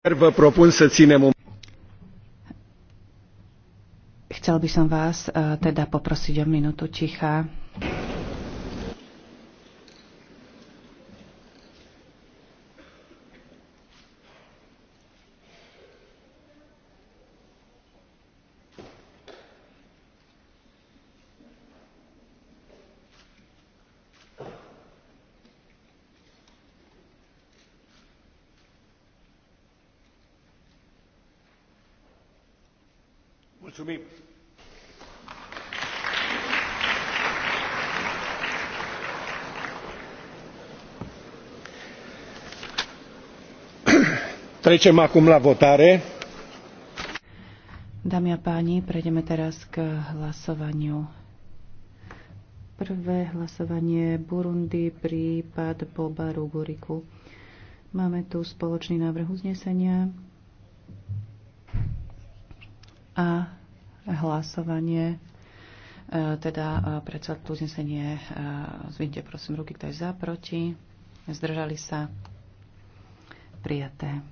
Chcel by som vás eh, teda poprosiť o minútu ticha. Mulțumim! Trecem acum la votare. Dámy a páni, prejdeme teraz k hlasovaniu. Prvé hlasovanie Burundi, prípad Boba Ruguriku. Máme tu spoločný návrh uznesenia a hlasovanie. E, teda e, predsa tu uznesenie e, zvinte prosím ruky, kto je za, proti. Zdržali sa. Prijaté.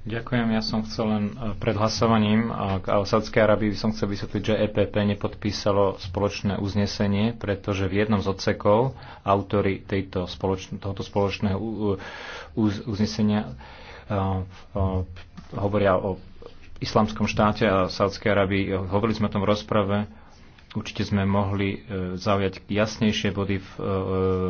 Ďakujem, ja som chcel len e, pred hlasovaním k Osadskej Arabii som chcel vysvetliť, že EPP nepodpísalo spoločné uznesenie, pretože v jednom z odsekov autory tejto spoločn- tohoto spoločného uz- uznesenia uh, uh, hovoria o islamskom štáte a Sádskej Arabii. Hovorili sme o tom v rozprave Určite sme mohli e, zaujať jasnejšie body v, e,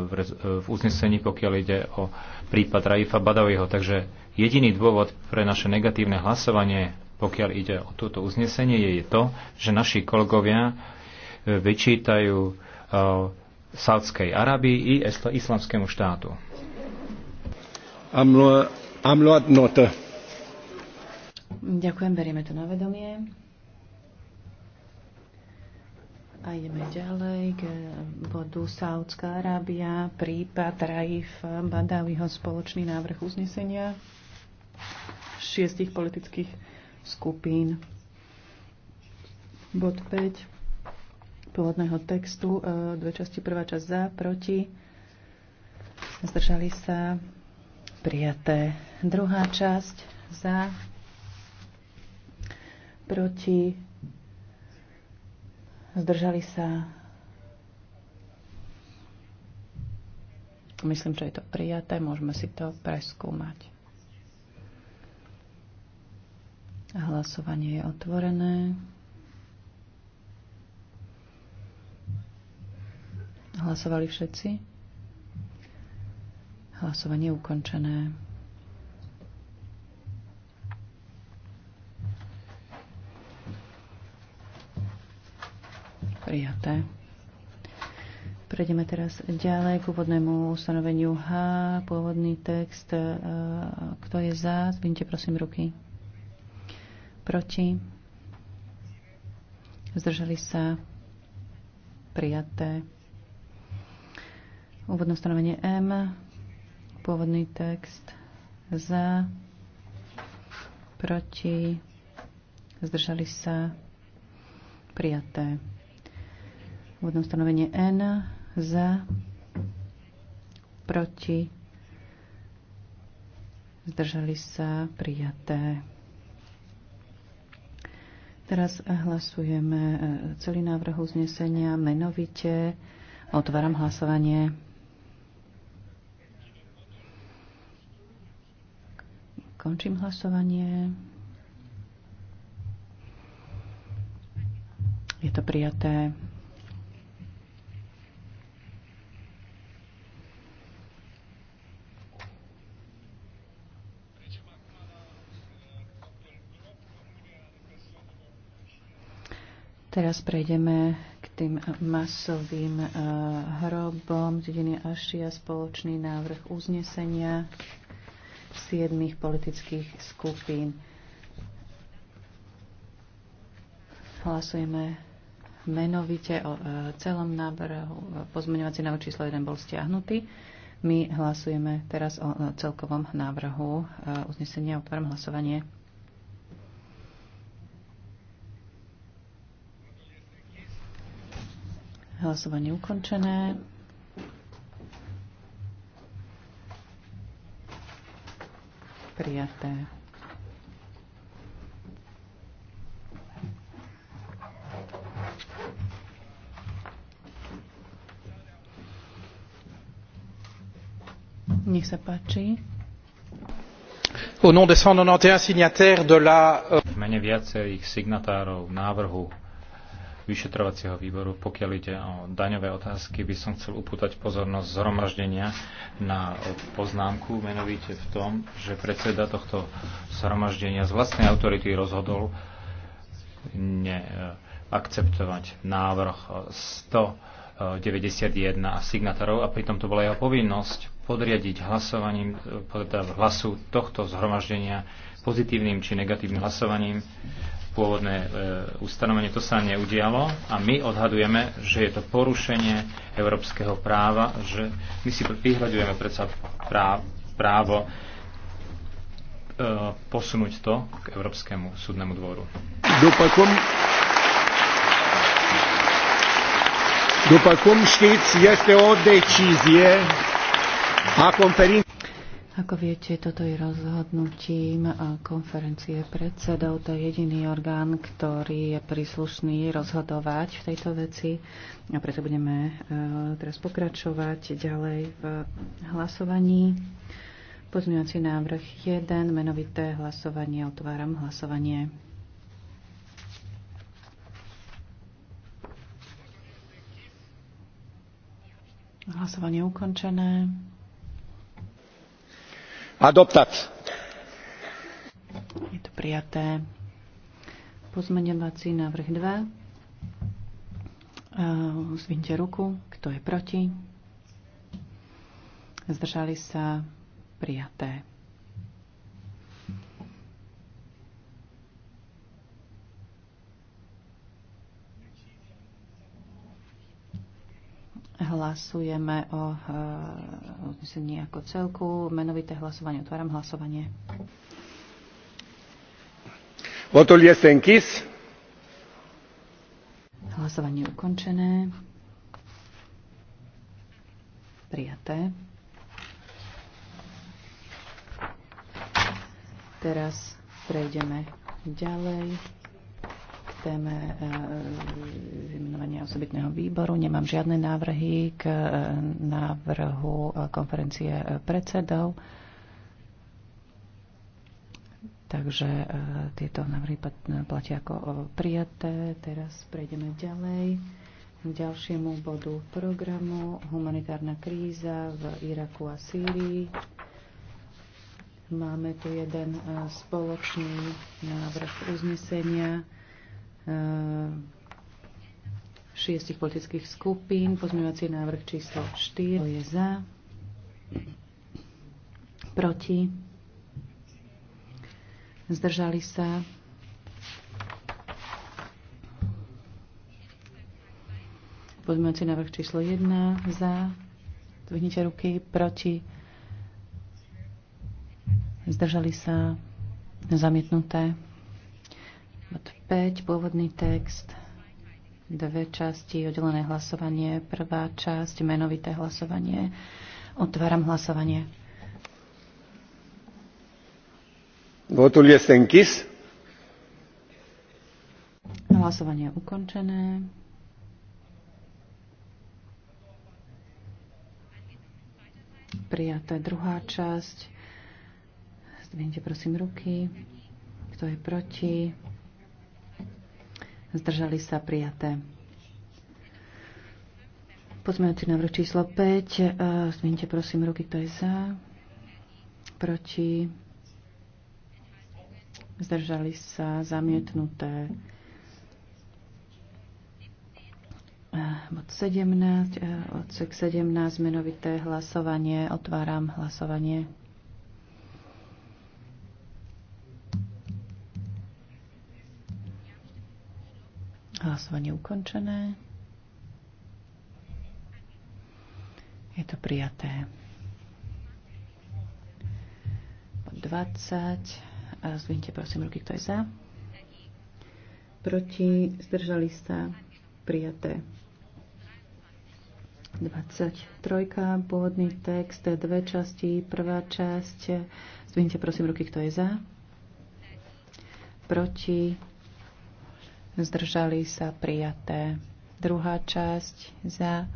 v, e, v uznesení, pokiaľ ide o prípad Raifa Badaviho. Takže jediný dôvod pre naše negatívne hlasovanie, pokiaľ ide o toto uznesenie, je to, že naši kolegovia vyčítajú Sádskej Arabii i islamskému štátu. Ďakujem, berieme to na vedomie. A ideme ďalej k bodu Saudská Arábia, prípad Raif Badawiho spoločný návrh uznesenia šiestich politických skupín. Bod 5 pôvodného textu, e, dve časti, prvá časť za, proti, zdržali sa, prijaté. Druhá časť za, proti, Zdržali sa. Myslím, že je to prijaté. Môžeme si to preskúmať. Hlasovanie je otvorené. Hlasovali všetci? Hlasovanie je ukončené. prijaté. Prejdeme teraz ďalej k úvodnému ustanoveniu H, pôvodný text. E, kto je za, zvinte prosím ruky. Proti. Zdržali sa. Prijaté. Úvodné ustanovenie M, pôvodný text. Za. Proti. Zdržali sa. Prijaté. Úvodné ustanovenie N za, proti, zdržali sa, prijaté. Teraz hlasujeme e, celý návrh uznesenia menovite. Otváram hlasovanie. Končím hlasovanie. Je to prijaté. Teraz prejdeme k tým masovým eh, hrobom. Dediny Ašia, spoločný návrh uznesenia siedmých politických skupín. Hlasujeme menovite o eh, celom návrhu. Pozmeňovací návrh číslo 1 bol stiahnutý. My hlasujeme teraz o eh, celkovom návrhu uznesenia. Otváram hlasovanie. Hlasovanie ukončené. Prijaté. Nech sa páči. Au nom des 191 signataires de la... Euh, v mene viacerých signatárov návrhu vyšetrovacieho výboru, pokiaľ ide o daňové otázky, by som chcel upútať pozornosť zhromaždenia na poznámku, menovite v tom, že predseda tohto zhromaždenia z vlastnej autority rozhodol neakceptovať e, návrh 191 e, signatárov a pritom to bola jeho povinnosť podriadiť hlasovaním, podľa eh, teda hlasu tohto zhromaždenia pozitívnym či negatívnym hlasovaním pôvodné e, ustanovenie. To sa neudialo a my odhadujeme, že je to porušenie európskeho práva, že my si vyhľadujeme predsa právo e, posunúť to k Európskemu súdnemu dvoru. Dopakom. dopakom cum știți, o ako viete, toto je rozhodnutím konferencie predsedov. To je jediný orgán, ktorý je príslušný rozhodovať v tejto veci. A preto budeme e, teraz pokračovať ďalej v hlasovaní. Pozmeňovací návrh 1, menovité hlasovanie. Otváram hlasovanie. Hlasovanie ukončené adoptat. Je to prijaté. Pozmeňovací návrh 2. Zvinte ruku. Kto je proti? Zdržali sa prijaté. Hlasujeme o eh, uznesení ako celku. Menovité hlasovanie. Otváram hlasovanie. Votul este închis. Hlasovanie ukončené. Prijaté. Teraz prejdeme ďalej téme e, e, vymenovania osobitného výboru. Nemám žiadne návrhy k e, návrhu konferencie predsedov. Takže tieto návrhy platia ako prijaté. Teraz prejdeme ďalej k ďalšiemu bodu programu Humanitárna kríza v Iraku a Sýrii. Máme tu jeden spoločný návrh uznesenia. Eh, šiestich politických skupín. Pozmeňovací návrh číslo 4 to je za, proti, zdržali sa. Pozmeňovací návrh číslo 1 za, dvihnite ruky, proti, zdržali sa, zamietnuté. Bod 5, pôvodný text, dve časti, oddelené hlasovanie, prvá časť, menovité hlasovanie. Otváram hlasovanie. Votul este închis. Hlasovanie je ukončené. Prijaté druhá časť. Zdvihnite prosím ruky. Kto je proti? zdržali sa prijaté. Pozmeňujúci návrh číslo 5. E, Zmínite prosím ruky, kto je za. Proti. Zdržali sa zamietnuté. E, bod 17, e, odsek 17, menovité hlasovanie. Otváram hlasovanie. Hlasovanie ukončené. Je to prijaté. 20. Zdvinte prosím ruky, kto je za. Proti, zdržali sa, prijaté. 23. Pôvodný text, dve časti. Prvá časť. Zvíňte, prosím ruky, kto je za. Proti, zdržali sa prijaté. Druhá časť za,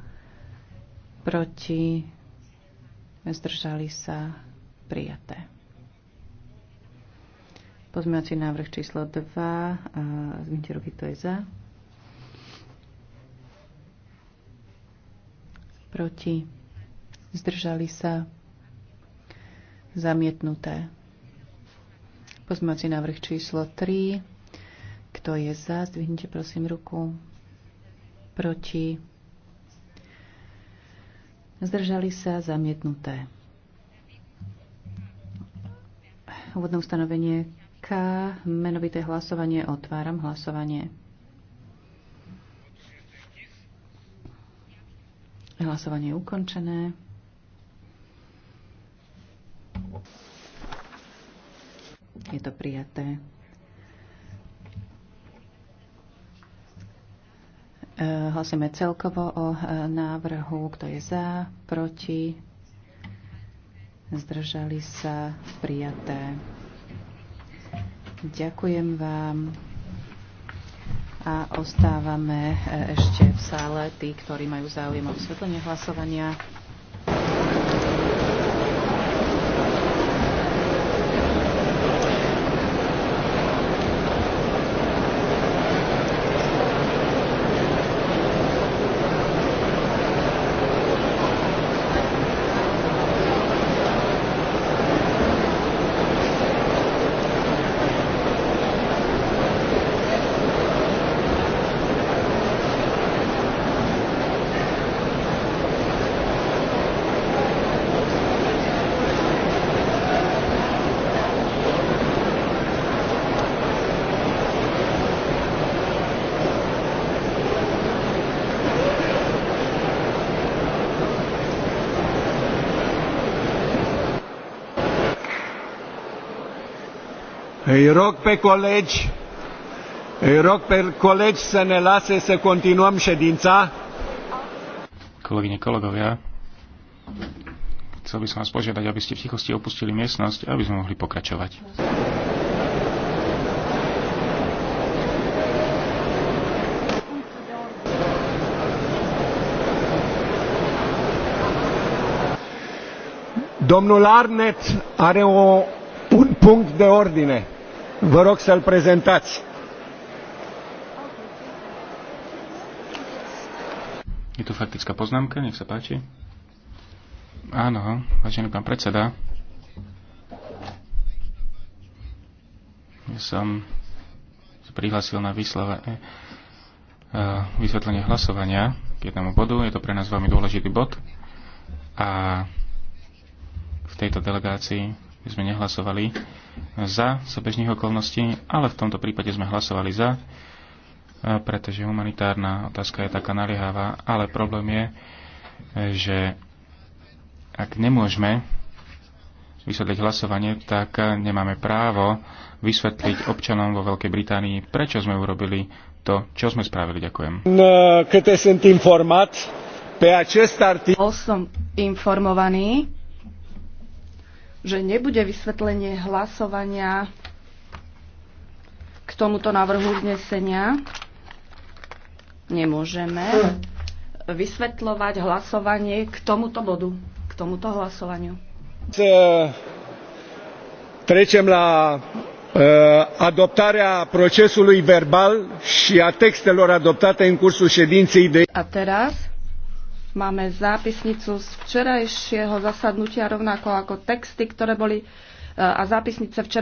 proti, zdržali sa prijaté. Pozmeňovací návrh číslo 2, zmiňte ruky, to je za. Proti, zdržali sa zamietnuté. Pozmeňovací návrh číslo 3, kto je za, zdvihnite prosím ruku. Proti. Zdržali sa zamietnuté. Úvodné ustanovenie K. Menovité hlasovanie. Otváram hlasovanie. Hlasovanie je ukončené. Je to prijaté. Eh, hlasujeme celkovo o eh, návrhu, kto je za, proti, zdržali sa, prijaté. Ďakujem vám a ostávame eh, ešte v sále tí, ktorí majú záujem o vysvetlenie hlasovania. Îi rog pe colegi, îi rog pe colegi să ne lase să continuăm ședința. Kolegyne, kolegovia, chcel by som vás požiadať, aby ste v tichosti opustili miestnosť, aby sme mohli pokračovať. Domnul Arnet are o, un punct de ordine. Vă rog să-l prezentați. Je tu faktická poznámka, nech sa páči. Áno, vážený pán predseda. Ja som prihlásil na eh, eh, vysvetlenie hlasovania k jednému bodu. Je to pre nás veľmi dôležitý bod. A v tejto delegácii sme nehlasovali za za bežných okolností, ale v tomto prípade sme hlasovali za, e, pretože humanitárna otázka je taká naliehavá, ale problém je, e, že ak nemôžeme vysvetliť hlasovanie, tak nemáme právo vysvetliť občanom vo Veľkej Británii, prečo sme urobili to, čo sme spravili. Ďakujem. E, Bol som informovaný, že nebude vysvetlenie hlasovania k tomuto návrhu uznesenia. Nemôžeme vysvetľovať hlasovanie k tomuto bodu, k tomuto hlasovaniu. E, trecem la e, adoptarea procesului verbal și a textelor adoptate în cursul ședinței de... A teraz Máme zápisnicu z včerajšieho zasadnutia, rovnako ako texty, ktoré boli e, a zápisnice včera.